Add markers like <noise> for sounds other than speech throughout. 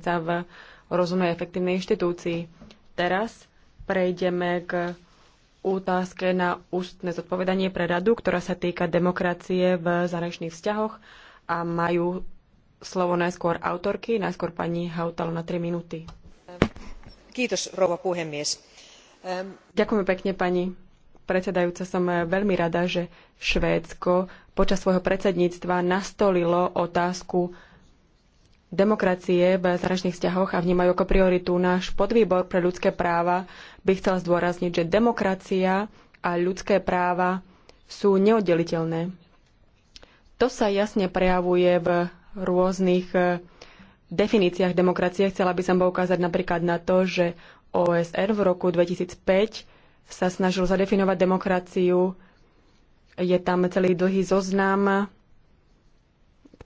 sa v rozumnej efektívnej inštitúcii. Teraz prejdeme k otázke na ústne zodpovedanie pre radu, ktorá sa týka demokracie v zahraničných vzťahoch a majú slovo najskôr autorky, najskôr pani Hautalo na 3 minúty. Kiitos, rova puhemies. Ďakujem pekne, pani predsedajúca. Som veľmi rada, že Švédsko počas svojho predsedníctva nastolilo otázku demokracie v zahraničných vzťahoch a vnímajú ako prioritu. Náš podvýbor pre ľudské práva by chcel zdôrazniť, že demokracia a ľudské práva sú neoddeliteľné. To sa jasne prejavuje v rôznych e, definíciách demokracie. Chcela by som poukázať napríklad na to, že OSN v roku 2005 sa snažil zadefinovať demokraciu. Je tam celý dlhý zoznam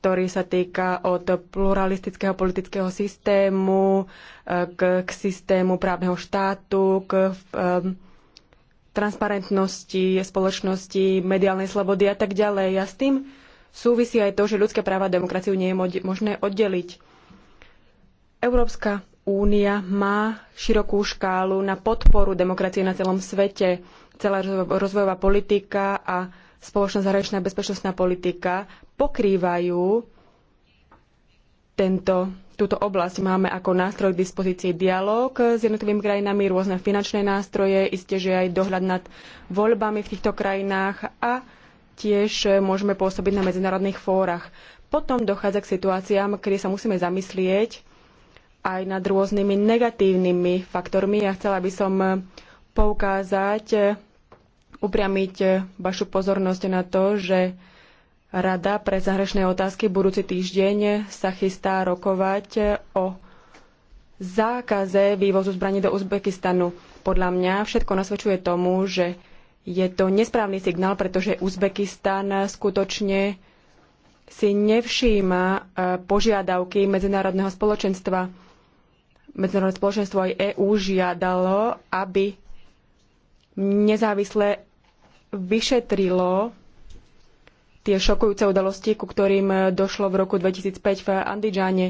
ktorý sa týka od pluralistického politického systému e, k, k systému právneho štátu, k um, transparentnosti spoločnosti, mediálnej slobody a tak ďalej. A s tým súvisí aj to, že ľudské práva a demokraciu nie je možné oddeliť. Európska únia má širokú škálu na podporu demokracie na celom svete. Celá rozvojová politika a spoločná zahraničná bezpečnostná politika pokrývajú tento, túto oblasť. Máme ako nástroj k dispozícii dialog s jednotlivými krajinami, rôzne finančné nástroje, isté, že aj dohľad nad voľbami v týchto krajinách a tiež môžeme pôsobiť na medzinárodných fórach. Potom dochádza k situáciám, kedy sa musíme zamyslieť aj nad rôznymi negatívnymi faktormi. Ja chcela by som poukázať, upriamiť vašu pozornosť na to, že Rada pre zahraničné otázky budúci týždeň sa chystá rokovať o zákaze vývozu zbraní do Uzbekistanu. Podľa mňa všetko nasvedčuje tomu, že je to nesprávny signál, pretože Uzbekistan skutočne si nevšíma e, požiadavky medzinárodného spoločenstva. Medzinárodné spoločenstvo aj EÚ žiadalo, aby nezávisle vyšetrilo tie šokujúce udalosti, ku ktorým e, došlo v roku 2005 v Andidžane,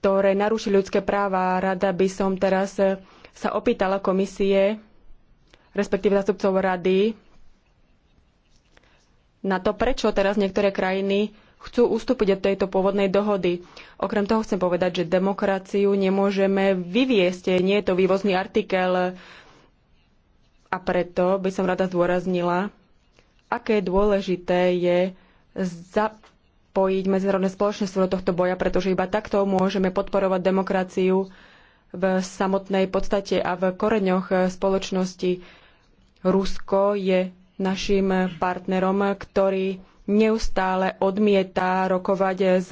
ktoré narušili ľudské práva. Rada by som teraz e, sa opýtala komisie, respektíve zastupcov rady, na to, prečo teraz niektoré krajiny chcú ustúpiť od tejto pôvodnej dohody. Okrem toho chcem povedať, že demokraciu nemôžeme vyviesť, nie je to vývozný artikel a preto by som rada zdôraznila, aké dôležité je zapojiť medzinárodné spoločenstvo do tohto boja, pretože iba takto môžeme podporovať demokraciu v samotnej podstate a v koreňoch spoločnosti. Rusko je našim partnerom, ktorý neustále odmieta rokovať s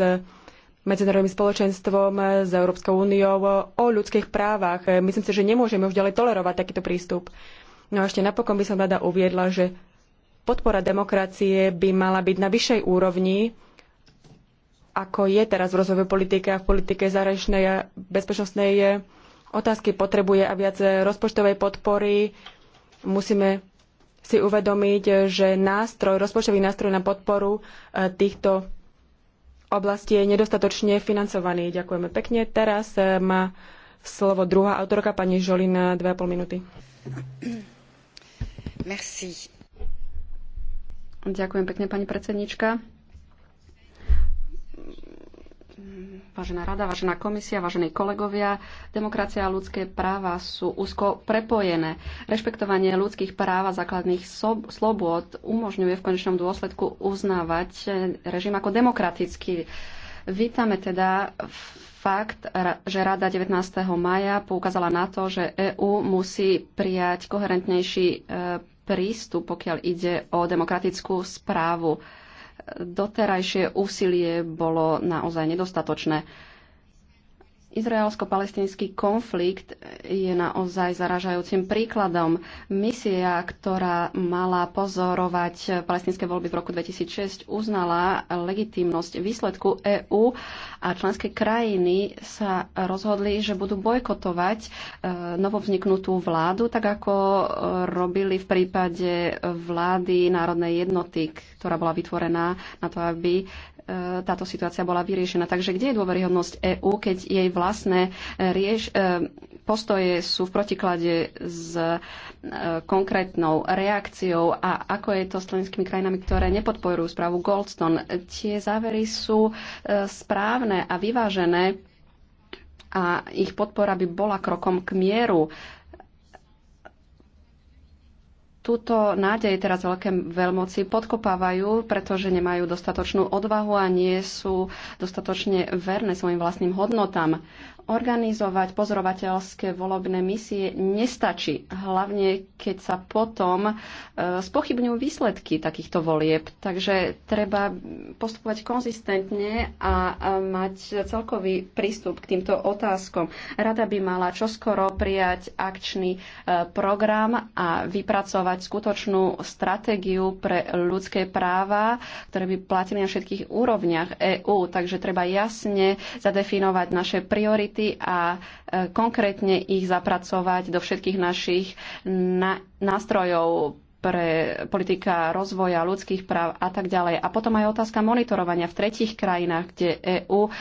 medzinárodným spoločenstvom, s Európskou úniou o ľudských právach. Myslím si, že nemôžeme už ďalej tolerovať takýto prístup. No a ešte napokon by som rada uviedla, že podpora demokracie by mala byť na vyššej úrovni, ako je teraz v rozvojovej politike a v politike zahraničnej a bezpečnostnej otázky. Potrebuje a viac rozpočtovej podpory. Musíme si uvedomiť, že nástroj, rozpočtový nástroj na podporu e, týchto oblasti je nedostatočne financovaný. Ďakujeme pekne. Teraz e, má slovo druhá autorka, pani Žolina, 2,5 minúty. Merci. Ďakujem pekne, pani predsednička. Vážená rada, vážená komisia, vážení kolegovia, demokracia a ľudské práva sú úzko prepojené. Rešpektovanie ľudských práv a základných slobôd umožňuje v konečnom dôsledku uznávať režim ako demokratický. Vítame teda fakt, že Rada 19. maja poukázala na to, že EÚ musí prijať koherentnejší e, prístup, pokiaľ ide o demokratickú správu. Doterajšie úsilie bolo naozaj nedostatočné. Izraelsko-palestínsky konflikt je naozaj zaražajúcim príkladom. Misia, ktorá mala pozorovať palestinské voľby v roku 2006, uznala legitimnosť výsledku EÚ a členské krajiny sa rozhodli, že budú bojkotovať e, novovzniknutú vládu, tak ako e, robili v prípade vlády národnej jednoty, ktorá bola vytvorená na to, aby E, táto situácia bola vyriešená. Takže kde je dôveryhodnosť EÚ, keď jej vlastné e, rieš, e, postoje sú v protiklade s konkrétnou reakciou a ako je to s členskými krajinami, ktoré nepodporujú správu Goldstone. Tie závery sú správne a vyvážené a ich podpora by bola krokom k mieru túto nádej teraz veľké veľmoci podkopávajú, pretože nemajú dostatočnú odvahu a nie sú dostatočne verné svojim vlastným hodnotám. Organizovať pozorovateľské volebné misie nestačí, hlavne keď sa potom e, spochybňujú výsledky takýchto volieb. Takže treba postupovať konzistentne a mať celkový prístup k týmto otázkom. Rada by mala čoskoro prijať akčný e, program a vypracovať skutočnú stratégiu pre ľudské práva, ktoré by platili na všetkých úrovniach EÚ. Takže treba jasne zadefinovať naše priority priority a e, konkrétne ich zapracovať do všetkých našich nástrojov pre politika rozvoja ľudských práv a tak ďalej. A potom aj otázka monitorovania v tretich krajinách, kde EÚ e,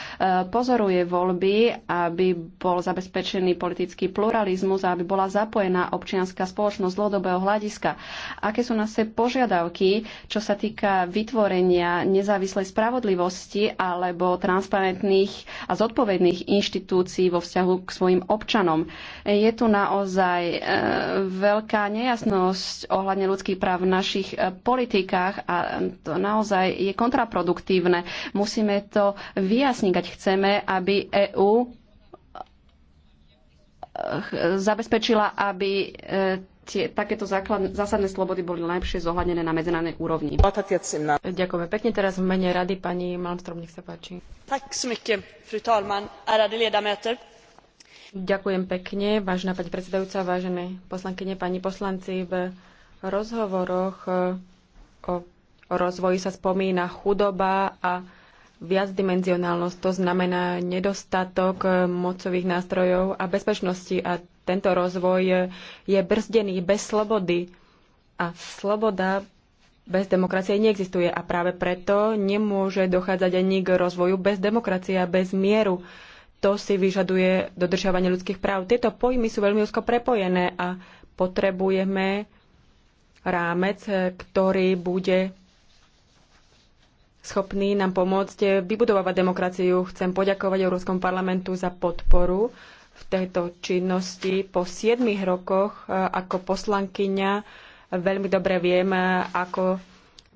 pozoruje voľby, aby bol zabezpečený politický pluralizmus a aby bola zapojená občianská spoločnosť dlhodobého hľadiska. Aké sú naše požiadavky, čo sa týka vytvorenia nezávislej spravodlivosti alebo transparentných a zodpovedných inštitúcií vo vzťahu k svojim občanom? Je tu naozaj e, veľká nejasnosť ohľadne ľudských práv v našich e, politikách a to naozaj je kontraproduktívne. Musíme to vyjasniť, ať chceme, aby EÚ e, zabezpečila, aby e, tie, takéto základ, zásadné slobody boli lepšie zohľadené na medzinárodnej úrovni. Ďakujeme pekne. Teraz v mene rady pani Malmström, nech sa páči. Tak smyke, fru talman, Ďakujem pekne, vážená pani predsedajúca, vážené poslankyne, pani poslanci. V rozhovoroch eh, o rozvoji sa spomína chudoba a viacdimenzionálnosť. To znamená nedostatok eh, mocových nástrojov a bezpečnosti a tento rozvoj eh, je brzdený bez slobody. A sloboda bez demokracie neexistuje a práve preto nemôže dochádzať ani k rozvoju bez demokracie a bez mieru. To si vyžaduje dodržiavanie ľudských práv. Tieto pojmy sú veľmi úzko prepojené a potrebujeme rámec, eh, ktorý bude schopný nám pomôcť eh, vybudovať demokraciu. Chcem poďakovať Európskom parlamentu za podporu v tejto činnosti. Po 7 rokoch eh, ako poslankyňa veľmi dobre viem, ako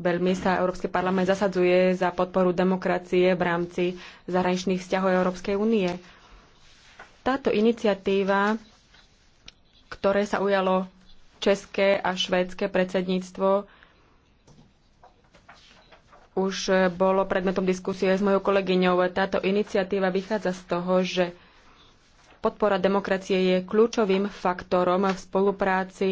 veľmi sa Európsky parlament zasadzuje za podporu demokracie v rámci zahraničných vzťahov Európskej únie. Táto iniciatíva, ktoré sa ujalo české a švédske predsedníctvo už bolo predmetom diskusie s mojou kolegyňou. Táto iniciatíva vychádza z toho, že podpora demokracie je kľúčovým faktorom v spolupráci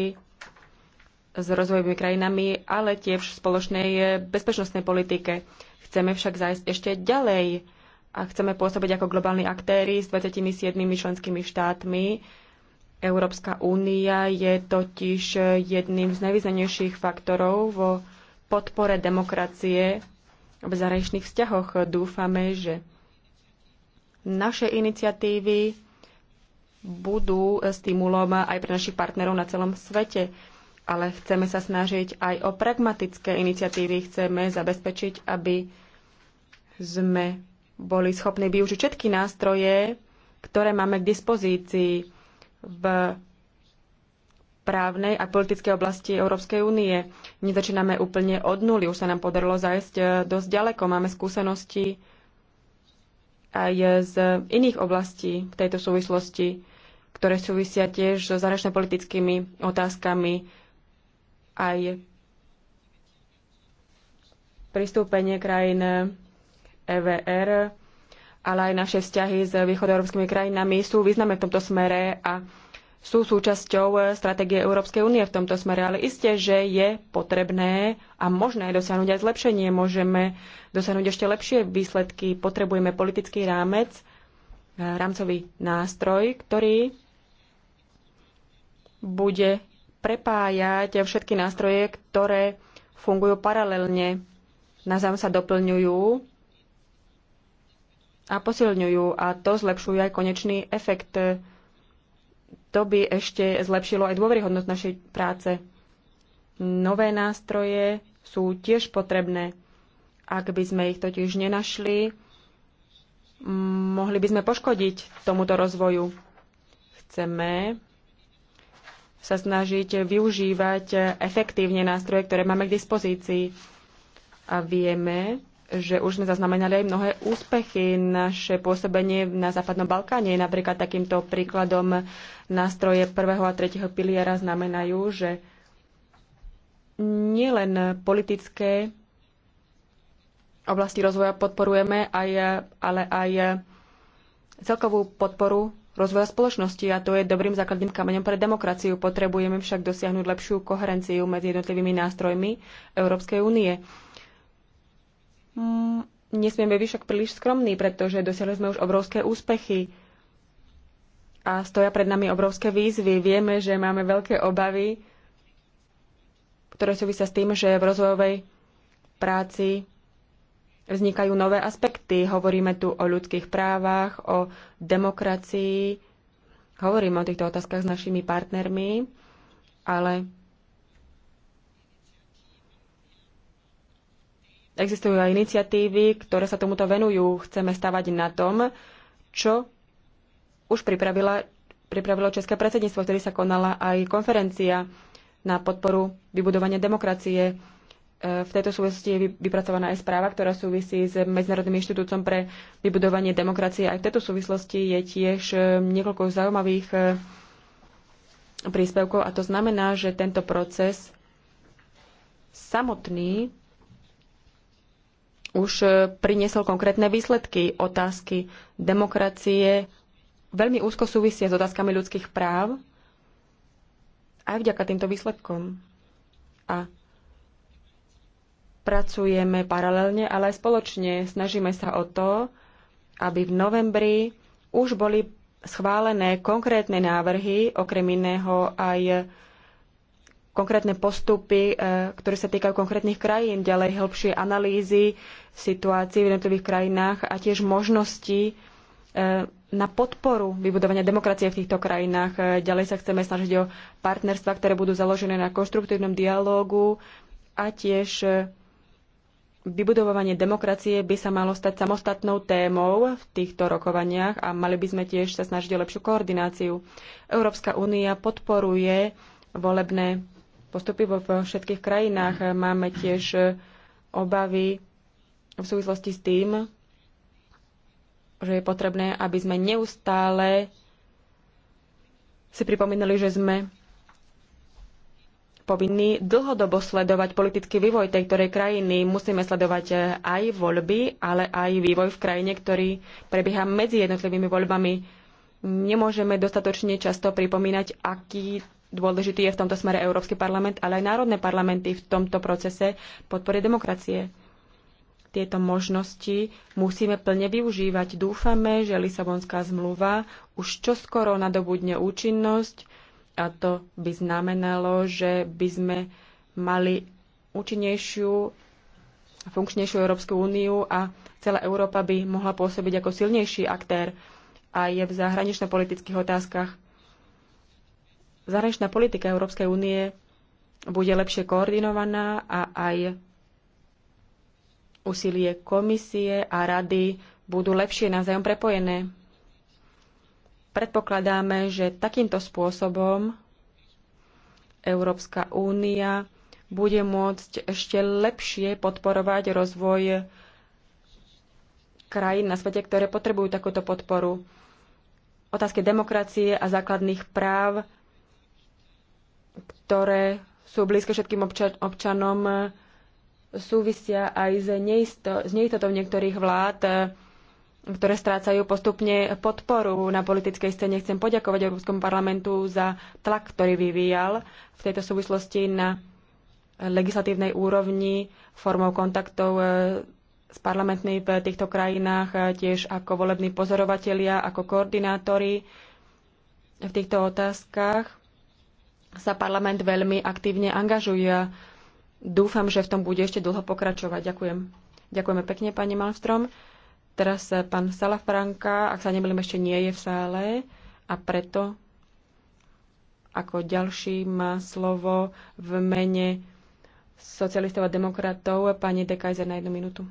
s rozvojovými krajinami, ale tiež v spoločnej bezpečnostnej politike. Chceme však zájsť ešte ďalej a chceme pôsobiť ako globálni aktéry s 27 členskými štátmi, Európska únia je totiž jedným z najvýznamnejších faktorov vo podpore demokracie v zahraničných vzťahoch. Dúfame, že naše iniciatívy budú stimulom aj pre našich partnerov na celom svete. Ale chceme sa snažiť aj o pragmatické iniciatívy. Chceme zabezpečiť, aby sme boli schopní využiť všetky nástroje, ktoré máme k dispozícii v právnej a politickej oblasti Európskej únie. Nezačíname úplne od nuly, už sa nám podarilo zajsť e, dosť ďaleko. Máme skúsenosti aj z iných oblastí v tejto súvislosti, ktoré súvisia tiež so zahraničné politickými otázkami aj pristúpenie krajín EVR ale aj naše vzťahy s východoeurópskymi krajinami sú významné v tomto smere a sú súčasťou stratégie Európskej únie v tomto smere, ale isté, že je potrebné a možné dosiahnuť aj zlepšenie. Môžeme dosiahnuť ešte lepšie výsledky. Potrebujeme politický rámec, rámcový nástroj, ktorý bude prepájať všetky nástroje, ktoré fungujú paralelne, na sa doplňujú a posilňujú a to zlepšuje aj konečný efekt. To by ešte zlepšilo aj dôveryhodnosť našej práce. Nové nástroje sú tiež potrebné. Ak by sme ich totiž nenašli, mohli by sme poškodiť tomuto rozvoju. Chceme sa snažiť využívať efektívne nástroje, ktoré máme k dispozícii. A vieme, že už sme zaznamenali aj mnohé úspechy. Naše pôsobenie na Západnom Balkáne je napríklad takýmto príkladom. Nástroje prvého a tretieho piliera znamenajú, že nielen politické oblasti rozvoja podporujeme, aj, ale aj celkovú podporu rozvoja spoločnosti a to je dobrým základným kameňom pre demokraciu. Potrebujeme však dosiahnuť lepšiu koherenciu medzi jednotlivými nástrojmi Európskej únie. Mm, nesmieme byť však príliš skromní, pretože dosiahli sme už obrovské úspechy a stoja pred nami obrovské výzvy. Vieme, že máme veľké obavy, ktoré súvisia s tým, že v rozvojovej práci vznikajú nové aspekty. Hovoríme tu o ľudských právach, o demokracii. Hovoríme o týchto otázkach s našimi partnermi, ale Existujú aj iniciatívy, ktoré sa tomuto venujú. Chceme stavať na tom, čo už pripravila, pripravilo České predsedníctvo, vtedy sa konala aj konferencia na podporu vybudovania demokracie. E, v tejto súvislosti je vypracovaná aj správa, ktorá súvisí s Medzinárodným inštitútom pre vybudovanie demokracie. Aj v tejto súvislosti je tiež e, niekoľko zaujímavých e, príspevkov a to znamená, že tento proces samotný už e, priniesol konkrétne výsledky. Otázky demokracie veľmi úzko súvisia s otázkami ľudských práv aj vďaka týmto výsledkom. A pracujeme paralelne, ale aj spoločne. Snažíme sa o to, aby v novembri už boli schválené konkrétne návrhy, okrem iného aj konkrétne postupy, e, ktoré sa týkajú konkrétnych krajín, ďalej hĺbšie analýzy situácií v jednotlivých krajinách a tiež možnosti e, na podporu vybudovania demokracie v týchto krajinách. E, ďalej sa chceme snažiť o partnerstva, ktoré budú založené na konštruktívnom dialógu a tiež vybudovanie demokracie by sa malo stať samostatnou témou v týchto rokovaniach a mali by sme tiež sa snažiť o lepšiu koordináciu. Európska únia podporuje volebné postupy vo všetkých krajinách. Máme tiež e, obavy v súvislosti s tým, že je potrebné, aby sme neustále si pripomínali, že sme povinní dlhodobo sledovať politický vývoj tej ktorej krajiny. Musíme sledovať e, aj voľby, ale aj vývoj v krajine, ktorý prebieha medzi jednotlivými voľbami. Nemôžeme dostatočne často pripomínať, aký Dôležitý je v tomto smere Európsky parlament, ale aj národné parlamenty v tomto procese podpory demokracie. Tieto možnosti musíme plne využívať. Dúfame, že Lisabonská zmluva už čoskoro nadobudne účinnosť a to by znamenalo, že by sme mali účinnejšiu a funkčnejšiu Európsku úniu a celá Európa by mohla pôsobiť ako silnejší aktér aj v zahranično-politických otázkach zahraničná politika Európskej únie bude lepšie koordinovaná a aj úsilie komisie a rady budú lepšie navzájom prepojené. Predpokladáme, že takýmto spôsobom Európska únia bude môcť ešte lepšie podporovať rozvoj krajín na svete, ktoré potrebujú takúto podporu. Otázky demokracie a základných práv ktoré sú blízke všetkým občanom, súvisia aj s, neisto- s neistotou niektorých vlád, ktoré strácajú postupne podporu na politickej scéne. Chcem poďakovať Európskom parlamentu za tlak, ktorý vyvíjal v tejto súvislosti na legislatívnej úrovni formou kontaktov e, s parlamentmi v týchto krajinách, e, tiež ako volební pozorovatelia, ako koordinátori v týchto otázkach sa parlament veľmi aktívne angažuje. Dúfam, že v tom bude ešte dlho pokračovať. Ďakujem. Ďakujeme pekne, pani Malmström. Teraz eh, pán Salafranka, ak sa nemýlim, ešte nie je v sále a preto ako ďalší má slovo v mene socialistov a demokratov pani Dekajzer na jednu minútu.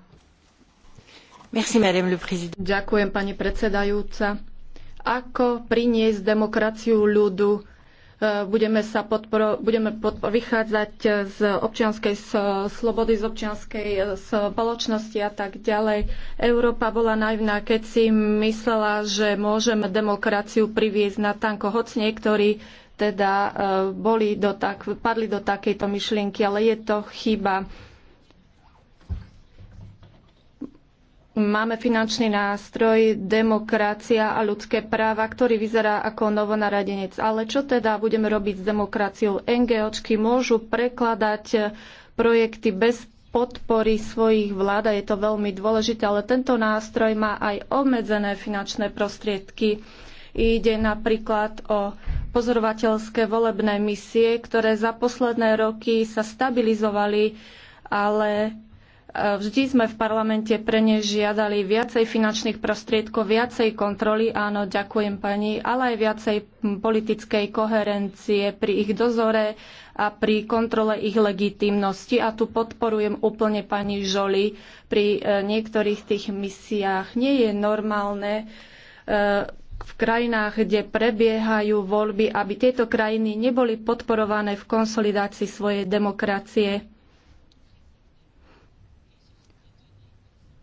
Merci, madame le président. Ďakujem, pani predsedajúca. Ako priniesť demokraciu ľudu E, budeme, sa podporo, budeme podpor, vychádzať z občianskej slobody, z občianskej e, spoločnosti a tak ďalej. Európa bola naivná, keď si myslela, že môžeme demokraciu priviesť na tanko, hoc niektorí teda e, boli do tak, padli do takejto myšlienky, ale je to chyba Máme finančný nástroj demokracia a ľudské práva, ktorý vyzerá ako novonaradenec. Ale čo teda budeme robiť s demokraciou? NGOčky môžu prekladať projekty bez podpory svojich vlád a je to veľmi dôležité, ale tento nástroj má aj obmedzené finančné prostriedky. Ide napríklad o pozorovateľské volebné misie, ktoré za posledné roky sa stabilizovali, ale Eh, vždy sme v parlamente pre ne žiadali viacej finančných prostriedkov, viacej kontroly, áno, ďakujem pani, ale aj viacej hm, politickej koherencie pri ich dozore a pri kontrole ich legitimnosti. A tu podporujem úplne pani Žoli pri eh, niektorých tých misiách. Nie je normálne eh, v krajinách, kde prebiehajú voľby, aby tieto krajiny neboli podporované v konsolidácii svojej demokracie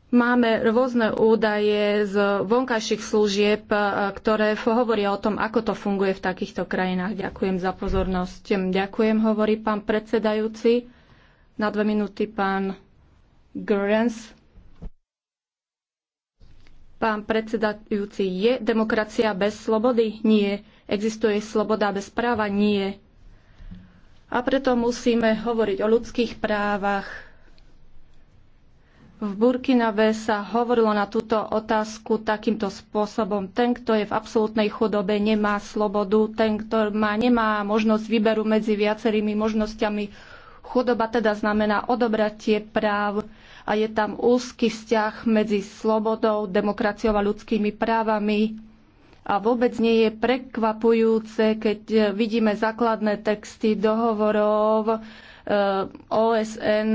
Máme rôzne údaje z vonkajších služieb, e, ktoré hovoria o tom, ako to funguje v takýchto krajinách. Ďakujem za pozornosť. Ďakujem, hovorí pán predsedajúci. Na dve minúty pán Gerens. Pán predsedajúci, je demokracia bez slobody? Nie. Existuje sloboda bez práva? Nie. A preto musíme hovoriť o ľudských právach, v Burkinabe sa hovorilo na túto otázku takýmto spôsobom. Ten, kto je v absolútnej chudobe, nemá slobodu, ten, kto má, nemá možnosť výberu medzi viacerými možnosťami. Chudoba teda znamená odobratie práv a je tam úzky vzťah medzi slobodou, demokraciou a ľudskými právami. A vôbec nie je prekvapujúce, keď e, vidíme základné texty dohovorov e, OSN,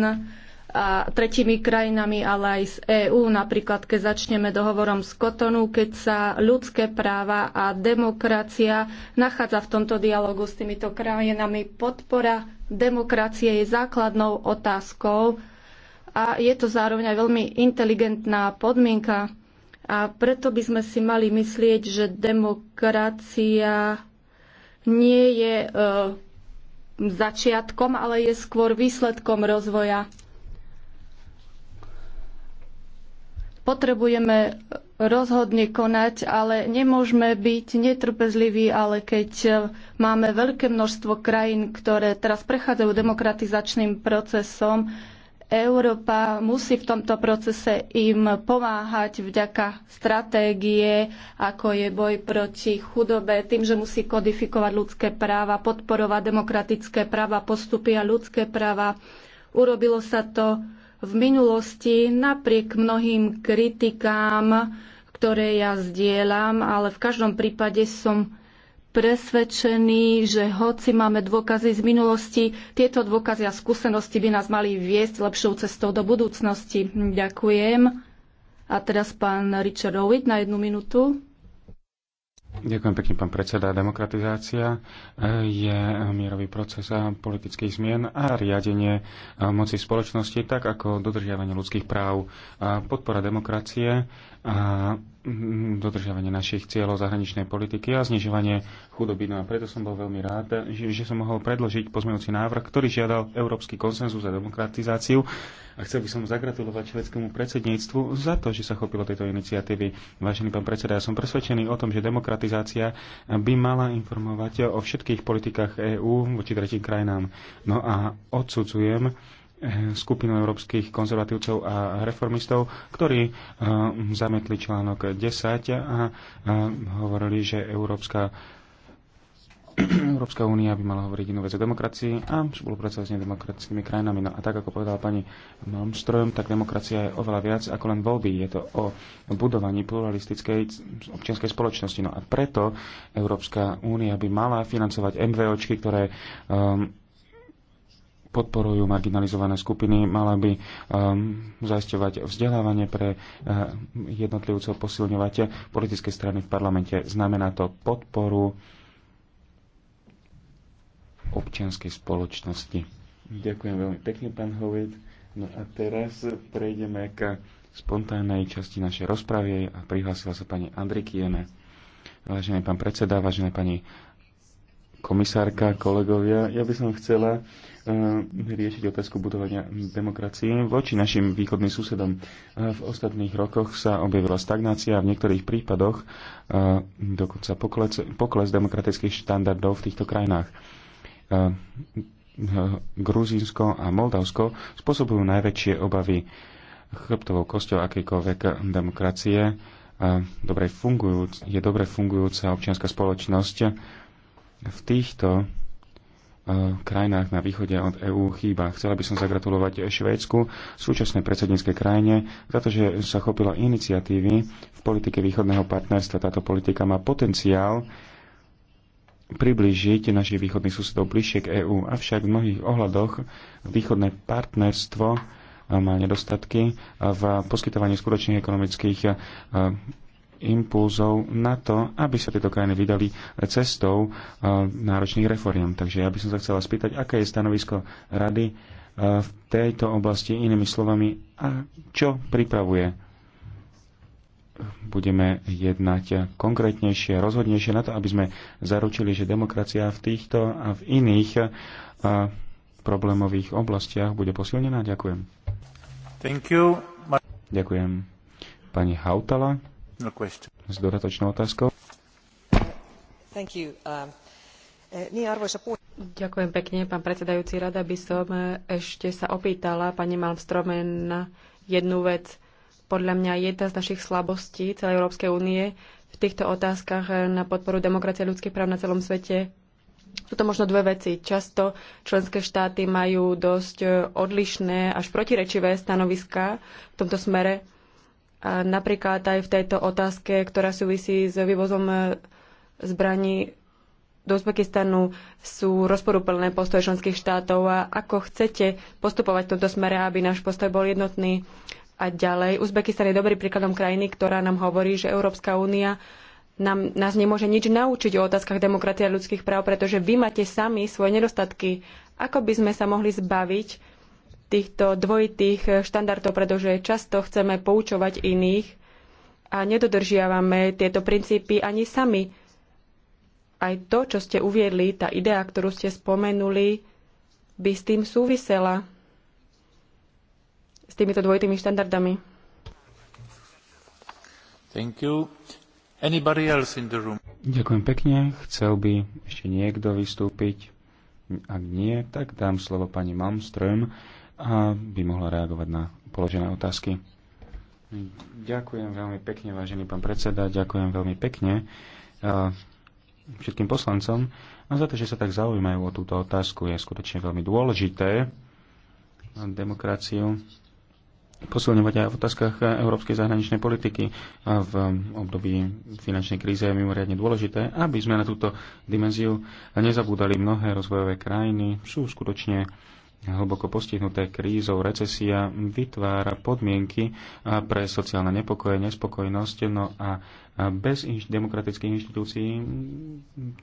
a tretimi krajinami, ale aj z EÚ, napríklad keď začneme dohovorom z Kotonu, keď sa ľudské práva a demokracia nachádza v tomto dialogu s týmito krajinami. Podpora demokracie je základnou otázkou a je to zároveň aj veľmi inteligentná podmienka. A preto by sme si mali myslieť, že demokracia nie je e, začiatkom, ale je skôr výsledkom rozvoja Potrebujeme rozhodne konať, ale nemôžeme byť netrpezliví, ale keď máme veľké množstvo krajín, ktoré teraz prechádzajú demokratizačným procesom, Európa musí v tomto procese im pomáhať vďaka stratégie, ako je boj proti chudobe, tým, že musí kodifikovať ľudské práva, podporovať demokratické práva, postupy a ľudské práva. Urobilo sa to v minulosti napriek mnohým kritikám, ktoré ja zdieľam, ale v každom prípade som presvedčený, že hoci máme dôkazy z minulosti, tieto dôkazy a skúsenosti by nás mali viesť lepšou cestou do budúcnosti. Ďakujem. A teraz pán Richard Owit na jednu minútu. Ďakujem pekne, pán predseda. Demokratizácia e, je mierový proces a politických zmien a riadenie e, moci spoločnosti, tak ako dodržiavanie ľudských práv, podpora demokracie a Mm, dodržiavanie našich cieľov zahraničnej politiky a znižovanie chudoby. No a preto som bol veľmi rád, že, že som mohol predložiť pozmeňujúci návrh, ktorý žiadal Európsky konsenzus a demokratizáciu. A chcel by som zagratulovať švedskému predsedníctvu za to, že sa chopilo tejto iniciatívy. Vážený pán predseda, ja som presvedčený o tom, že demokratizácia by mala informovať o všetkých politikách EÚ voči tretím krajinám. No a odsudzujem skupinu európskych konzervatívcov a reformistov, ktorí eh, zametli článok 10 a eh, hovorili, že Európska <clears throat> Európska únia by mala hovoriť inú vec o demokracii a spolupracovať s nedemokratickými krajinami. No a tak, ako povedala pani Malmström, tak demokracia je oveľa viac ako len voľby. Je to o budovaní pluralistickej občianskej spoločnosti. No a preto Európska únia by mala financovať MVOčky, ktoré um, podporujú marginalizované skupiny, mala by um, zaisťovať vzdelávanie pre uh, jednotlivcov, posilňovať politické strany v parlamente. Znamená to podporu občianskej spoločnosti. Ďakujem veľmi pekne, pán Hovid. No a teraz prejdeme k spontánnej časti našej rozpravy a prihlásila sa pani Andrikiene. Vážený pán predseda, vážené pani komisárka, kolegovia, ja by som chcela eh, riešiť otázku budovania demokracie voči našim východným susedom. Eh, v ostatných rokoch sa objavila stagnácia a v niektorých prípadoch eh, dokonca pokles, pokles demokratických štandardov v týchto krajinách. Gruzínsko a Moldavsko spôsobujú najväčšie obavy chrbtovou kosťou akýkoľvek demokracie. Dobre fungujú, je dobre fungujúca občianská spoločnosť v týchto e, krajinách na východe od EÚ chýba. Chcela by som zagratulovať Švédsku, súčasnej predsedníckej krajine, za to, že sa chopila iniciatívy v politike východného partnerstva. Táto politika má potenciál priblížiť našich východných susedov bližšie k EÚ. Avšak v mnohých ohľadoch východné partnerstvo e, má nedostatky v poskytovaní skutočných ekonomických e, impulzov na to, aby sa tieto krajiny vydali cestou eh, náročných reforiem. Takže ja by som sa chcela spýtať, aké je stanovisko rady eh, v tejto oblasti, inými slovami, a čo pripravuje? Budeme jednať konkrétnejšie, rozhodnejšie na to, aby sme zaručili, že demokracia v týchto a v iných eh, problémových oblastiach bude posilnená. Ďakujem. Thank you. Ďakujem. Pani Hautala. No S dodatočnou otázkou. Um, eh, Ďakujem pekne, pán predsedajúci. Rada by som eh, ešte sa opýtala pani Malmstrome na jednu vec. Podľa mňa jedna z našich slabostí celej Európskej únie v týchto otázkach eh, na podporu demokracie a ľudských práv na celom svete sú to možno dve veci. Často členské štáty majú dosť odlišné až protirečivé stanoviská v tomto smere a napríklad aj v tejto otázke, ktorá súvisí s vývozom e, zbraní do Uzbekistanu sú rozporúplné postoje členských štátov a ako chcete postupovať v tomto smere, aby náš postoj bol jednotný a ďalej. Uzbekistan je dobrý príkladom krajiny, ktorá nám hovorí, že Európska únia nám, nás nemôže nič naučiť o otázkach demokracie a ľudských práv, pretože vy máte sami svoje nedostatky. Ako by sme sa mohli zbaviť týchto dvojitých štandardov, pretože často chceme poučovať iných a nedodržiavame tieto princípy ani sami. Aj to, čo ste uviedli, tá idea, ktorú ste spomenuli, by s tým súvisela, s týmito dvojitými štandardami. Thank you. Anybody else in the room? Ďakujem pekne. Chcel by ešte niekto vystúpiť? Ak nie, tak dám slovo pani Malmström, a by mohla reagovať na položené otázky. Ďakujem veľmi pekne, vážený pán predseda, ďakujem veľmi pekne všetkým poslancom a za to, že sa tak zaujímajú o túto otázku. Je skutočne veľmi dôležité demokraciu posilňovať aj v otázkach európskej zahraničnej politiky a v období finančnej kríze je mimoriadne dôležité, aby sme na túto dimenziu nezabúdali. Mnohé rozvojové krajiny sú skutočne hlboko postihnuté krízou, recesia vytvára podmienky pre sociálne nepokoje, nespokojnosť, no a bez inš- demokratických inštitúcií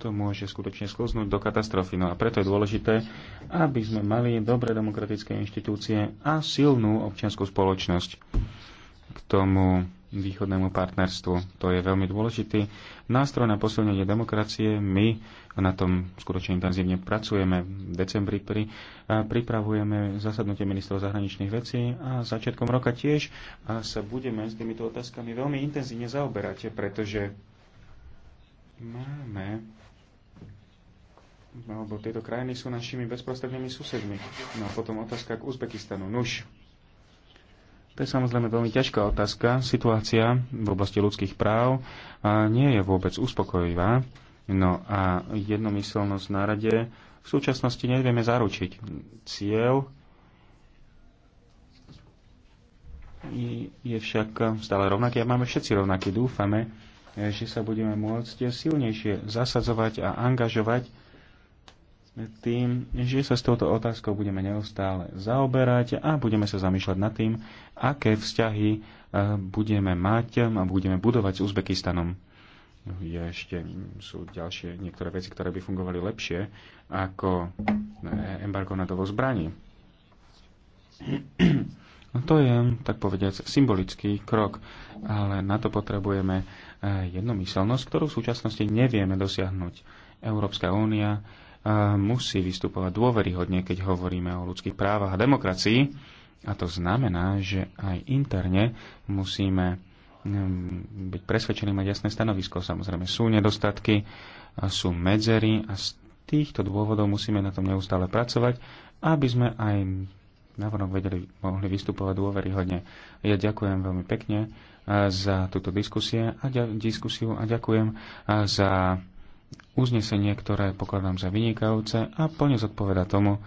to môže skutočne sklznúť do katastrofy. No a preto je dôležité, aby sme mali dobré demokratické inštitúcie a silnú občianskú spoločnosť. K tomu východnému partnerstvu. To je veľmi dôležitý nástroj na posilnenie demokracie. My na tom skutočne intenzívne pracujeme. V decembri pri, pripravujeme zasadnutie ministrov zahraničných vecí a začiatkom roka tiež a sa budeme s týmito otázkami veľmi intenzívne zaoberať, pretože máme alebo tieto krajiny sú našimi bezprostrednými susedmi. No a potom otázka k Uzbekistanu. Nuž, to je samozrejme veľmi ťažká otázka. Situácia v oblasti ľudských práv nie je vôbec uspokojivá. No a jednomyselnosť na rade v súčasnosti nevieme zaručiť. Cieľ je však stále rovnaký a máme všetci rovnaký. Dúfame, že sa budeme môcť silnejšie zasadzovať a angažovať tým, že sa s touto otázkou budeme neustále zaoberať a budeme sa zamýšľať nad tým, aké vzťahy e, budeme mať a budeme budovať s Uzbekistanom. Je ešte sú ďalšie niektoré veci, ktoré by fungovali lepšie ako e, embargo na dovoz zbraní. No to je, tak povediac, symbolický krok, ale na to potrebujeme e, jednomyselnosť, ktorú v súčasnosti nevieme dosiahnuť. Európska únia musí vystupovať dôveryhodne, keď hovoríme o ľudských právach a demokracii. A to znamená, že aj interne musíme mm, byť presvedčení, mať jasné stanovisko. Samozrejme sú nedostatky, sú medzery a z týchto dôvodov musíme na tom neustále pracovať, aby sme aj navonok vedeli, mohli vystupovať dôveryhodne. Ja ďakujem veľmi pekne za túto diskusie a ďa, diskusiu a ďakujem za uznesenie, ktoré pokladám za vynikajúce a plne zodpoveda tomu,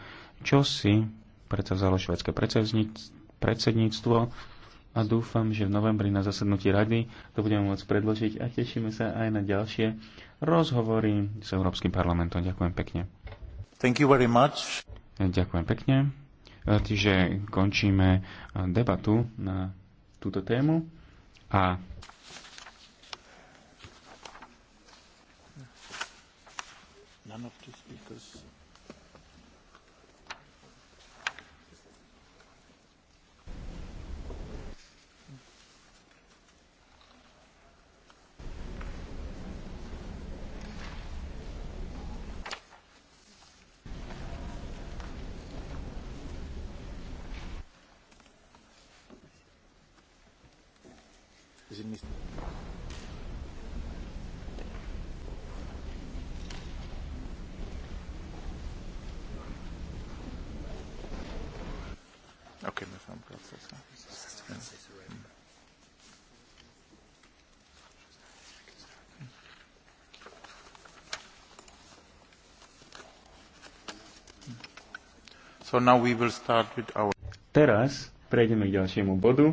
čo si preto vzalo švedské predsedníctvo a dúfam, že v novembri na zasadnutí rady to budeme môcť predložiť a tešíme sa aj na ďalšie rozhovory s Európskym parlamentom. Ďakujem pekne. Thank you very much. Ďakujem pekne. Čiže končíme debatu na túto tému a none of the speakers. Is it Mr. Okay, mevrouw Kratzessa. Ja. So now we will start with our... Teraz prejdeme k ďalšiemu bodu.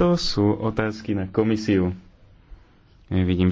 To sú otázky na komisiu. Vidím,